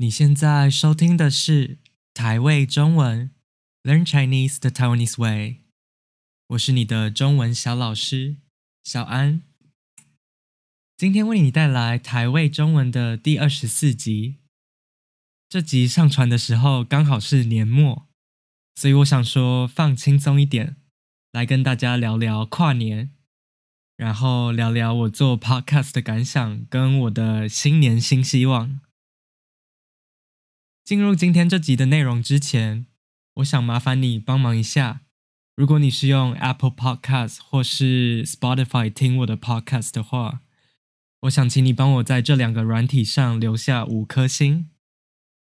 你現在收聽的是台味中文 Learn Chinese the Taiwanese Way，我是你的中文小老師小安。今天為你帶來台味中文的第二十四集。這集上傳的時候剛好是年末，所以我想說放輕鬆一點，來跟大家聊聊跨年，然後聊聊我做 podcast 的感想，跟我的新年新希望。進入今天這集的內容之前，我想麻煩你幫忙一下。如果你是用 Apple Podcast 或是 Spotify 聽我的 podcast 的話，我想請你幫我在這兩個軟體上留下五顆星，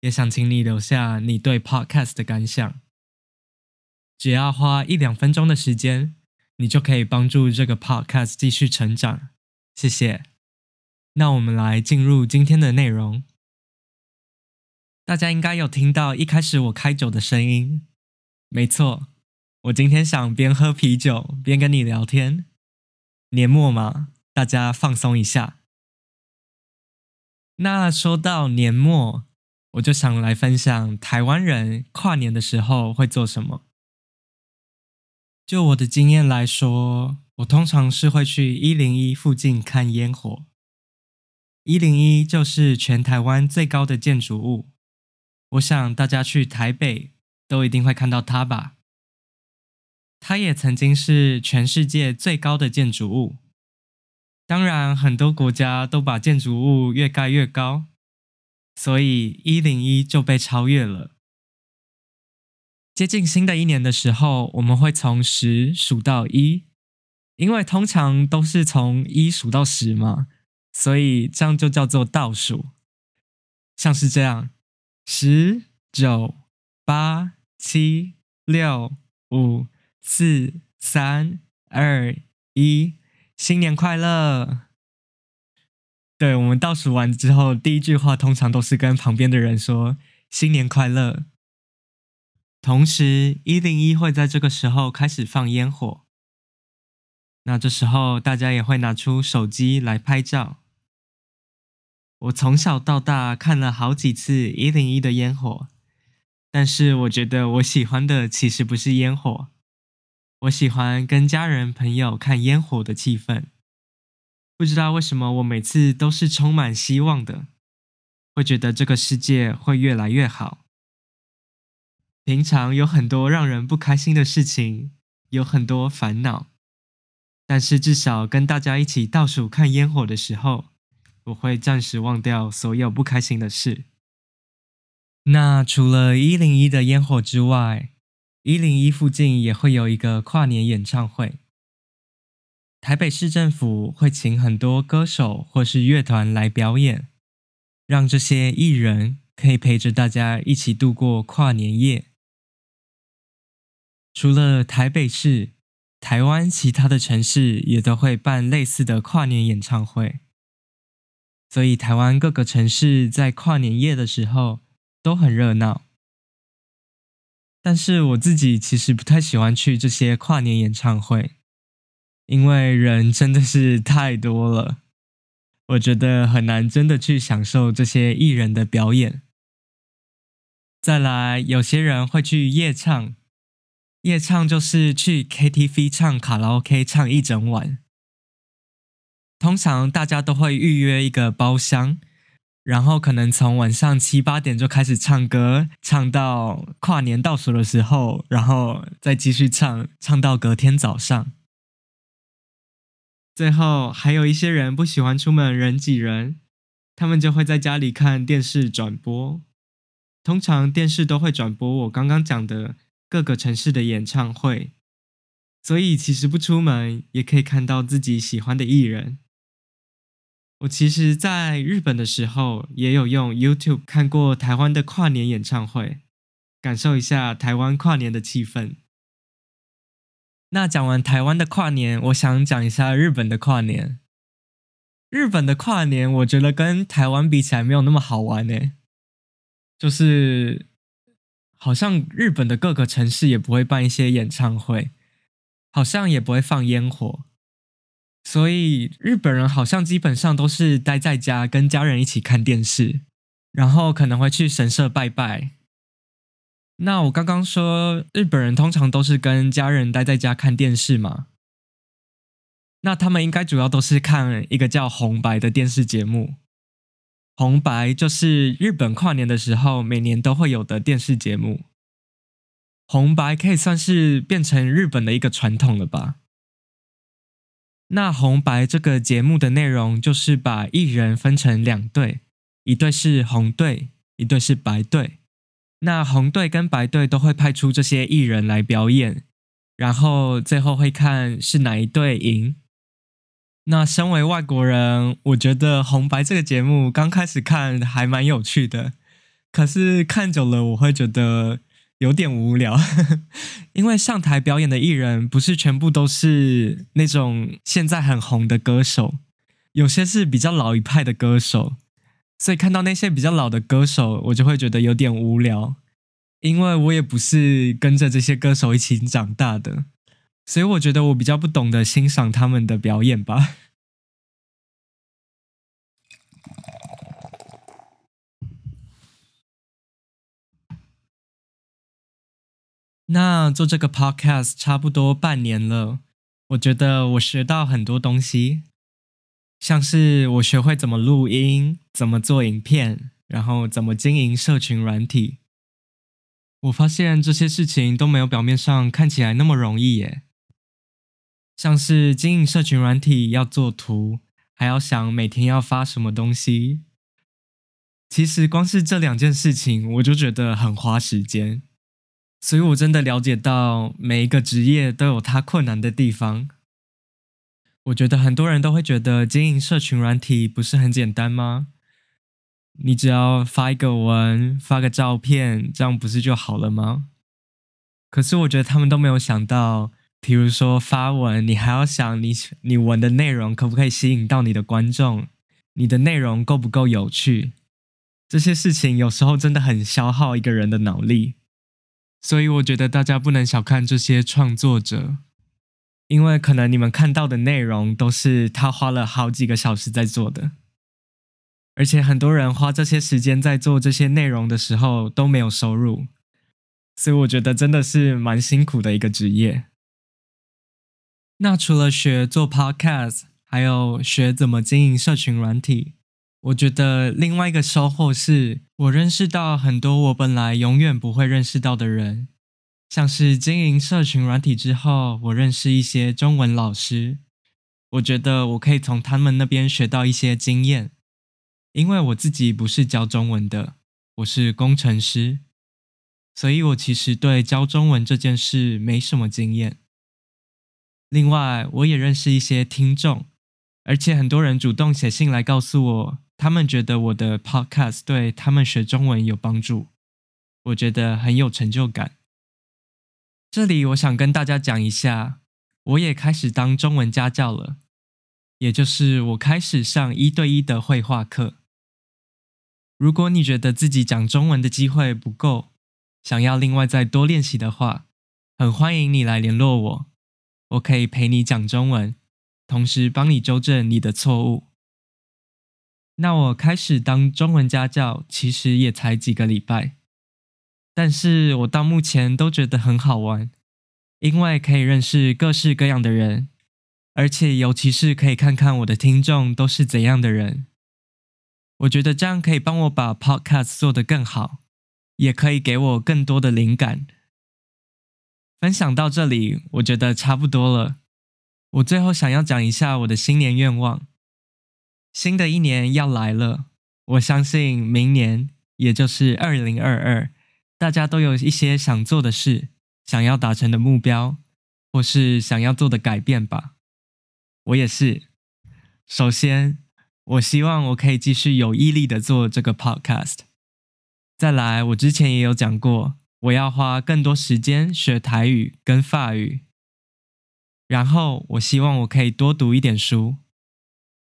也想請你留下你對 podcast 的感想。只要花一兩分鐘的時間，你就可以幫助這個 podcast 繼續成長。謝謝。那我們來進入今天的內容。大家應該有聽到一開始我開酒的聲音，沒錯，我今天想邊喝啤酒邊跟你聊天。年末嘛，大家放鬆一下。那說到年末，我就想來分享台灣人跨年的時候會做什麼。就我的經驗來說，我通常是會去101附近看煙火。101就是全台灣最高的建築物。我想大家去台北都一定會看到它吧？它也曾經是全世界最高的建築物。當然，很多國家都把建築物越蓋越高，所以101就被超越了。接近新的一年的時候，我們會從十數到一，因為通常都是從一數到十嘛，所以這樣就叫做倒數。像是這樣。十九八七六五四三二一，新年快樂！對，我們倒數完之後，第一句話通常都是跟旁邊的人說“新年快樂”。同時，一零一會在這個時候開始放煙火，那這時候大家也會拿出手機來拍照。我從小到大看了好幾次101的煙火，但是我覺得我喜歡的其實不是煙火，我喜歡跟家人朋友看煙火的氣氛。不知道為什麼，我每次都是充滿希望的，會覺得這個世界會越來越好。平常有很多讓人不開心的事情，有很多煩惱，但是至少跟大家一起倒數看煙火的時候。我會暫時忘掉所有不開心的事。那除了一零一的煙火之外，一零一附近也會有一個跨年演唱會。台北市政府會請很多歌手或是樂團來表演，讓這些藝人可以陪着大家一起度過跨年夜。除了台北市，台灣其他的城市也都會辦類似的跨年演唱會。所以台灣各個城市在跨年夜的時候都很熱鬧，但是我自己其實不太喜歡去這些跨年演唱會，因為人真的是太多了，我覺得很難真的去享受這些藝人的表演。再來，有些人會去夜唱，夜唱就是去 KTV 唱卡拉 OK 唱一整晚。通常大家都會預約一個包廂，然後可能從晚上七八點就開始唱歌，唱到跨年倒數的時候，然後再繼續唱，唱到隔天早上。最後還有一些人不喜歡出門人擠人，他們就會在家裡看電視轉播。通常電視都會轉播我剛剛講的各個城市的演唱會，所以其實不出門也可以看到自己喜歡的藝人。我其實在日本的時候，也有用 YouTube 看過台灣的跨年演唱會，感受一下台灣跨年的氣氛。那講完台灣的跨年，我想講一下日本的跨年。日本的跨年，我覺得跟台灣比起來沒有那麼好玩欸，就是好像日本的各個城市也不會辦一些演唱會，好像也不會放煙火。所以日本人好像基本上都是待在家跟家人一起看電視，然後可能會去神社拜拜。那我剛剛說日本人通常都是跟家人待在家看電視嘛，那他們應該主要都是看一個叫紅白的電視節目。紅白就是日本跨年的時候每年都會有的電視節目。紅白可以算是變成日本的一個傳統了吧。那紅白這個節目的內容就是把藝人分成兩隊，一隊是紅隊，一隊是白隊。那紅隊跟白隊都會派出這些藝人來表演，然後最後會看是哪一隊贏。那身為外國人，我覺得紅白這個節目剛開始看還蠻有趣的，可是看久了我會覺得，有點無聊，因為上台表演的藝人不是全部都是那種現在很紅的歌手，有些是比較老一派的歌手，所以看到那些比較老的歌手，我就會覺得有點無聊，因為我也不是跟着這些歌手一起長大的，所以我覺得我比較不懂得欣賞他們的表演吧。那做這個 podcast 差不多半年了，我覺得我學到很多東西，像是我學會怎麼錄音、怎麼做影片，然後怎麼經營社群軟體。我發現這些事情都沒有表面上看起來那麼容易耶。像是經營社群軟體要做圖，還要想每天要發什麼東西。其實光是這兩件事情，我就覺得很花時間。所以，我真的了解到每一個職業都有它困難的地方。我覺得很多人都會覺得經營社群軟體不是很簡單嗎？你只要發一個文、發個照片，這樣不是就好了嗎？可是，我覺得他們都沒有想到，比如說發文，你還要想你你文的內容可不可以吸引到你的觀眾，你的內容夠不夠有趣。這些事情有時候真的很消耗一個人的腦力。所以我覺得大家不能小看這些創作者，因為可能你們看到的內容都是他花了好幾個小時在做的，而且很多人花這些時間在做這些內容的時候都沒有收入，所以我覺得真的是蠻辛苦的一個職業。那除了學做 Podcast，還有學怎麼經營社群軟體。我覺得另外一個收穫是，我認識到很多我本來永遠不會認識到的人，像是經營社群軟體之後，我認識一些中文老師。我覺得我可以從他們那邊學到一些經驗，因為我自己不是教中文的，我是工程師，所以我其實對教中文這件事沒什麼經驗。另外，我也認識一些聽眾，而且很多人主動寫信來告訴我。他們覺得我的 Podcast 對他們學中文有幫助，我覺得很有成就感。這裡我想跟大家講一下，我也開始當中文家教了，也就是我開始上一對一的會話課。如果你覺得自己講中文的機會不夠，想要另外再多練習的話，很歡迎你來聯絡我，我可以陪你講中文，同時幫你糾正你的錯誤。那我開始當中文家教，其實也才幾個禮拜，但是我到目前都覺得很好玩，因為可以認識各式各樣的人，而且尤其是可以看看我的聽眾都是怎樣的人，我覺得這樣可以幫我把 Podcast 做得更好，也可以給我更多的靈感。分享到這裡，我覺得差不多了。我最後想要講一下我的新年願望。新的一年要來了，我相信明年，也就是二零二二，大家都有一些想做的事，想要達成的目標，或是想要做的改變吧。我也是。首先，我希望我可以繼續有毅力的做這個 podcast。再來，我之前也有講過，我要花更多時間學台語跟法語。然後，我希望我可以多讀一點書。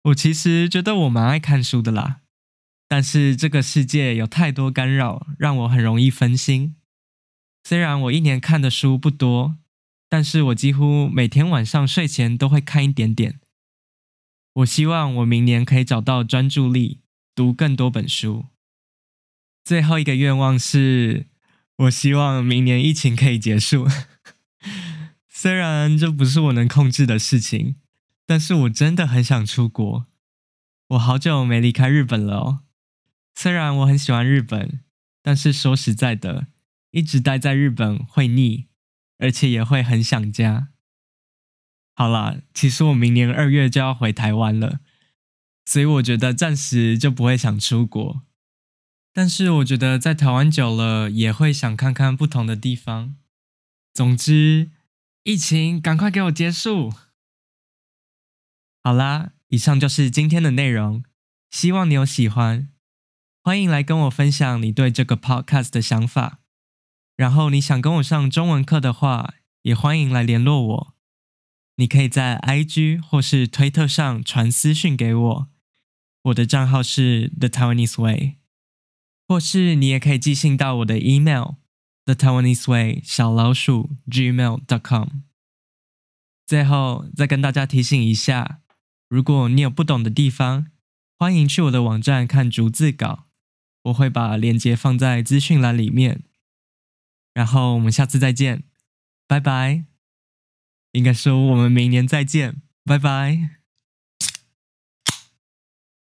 我其實覺得我蠻愛看書的啦，但是這個世界有太多干擾，讓我很容易分心。雖然我一年看的書不多，但是我幾乎每天晚上睡前都會看一點點。我希望我明年可以找到專注力，讀更多本書。最後一個願望是，我希望明年疫情可以結束。 雖然這不是我能控制的事情。但是我真的很想出國，我好久沒離開日本了哦。雖然我很喜歡日本，但是說實在的，一直待在日本會膩，而且也會很想家。好啦，其實我明年二月就要回台灣了，所以我覺得暫時就不會想出國。但是我覺得在台灣久了也會想看看不同的地方。總之，疫情趕快給我結束！好啦，以上就是今天的內容。希望你有喜歡，歡迎來跟我分享你對這個 podcast 的想法。然後你想跟我上中文課的話，也歡迎來聯絡我。你可以在 IG 或是推特上傳私訊給我，我的賬號是 The Taiwanese Way，或是你也可以寄信到我的 email thetaiwaneseway 小老鼠 gmail.com。最後再跟大家提醒一下。如果你有不懂的地方，歡迎去我的網站看逐字稿，我會把鏈接放在資訊欄裡面。然後我們下次再見，拜拜。應該說我們明年再見，拜拜。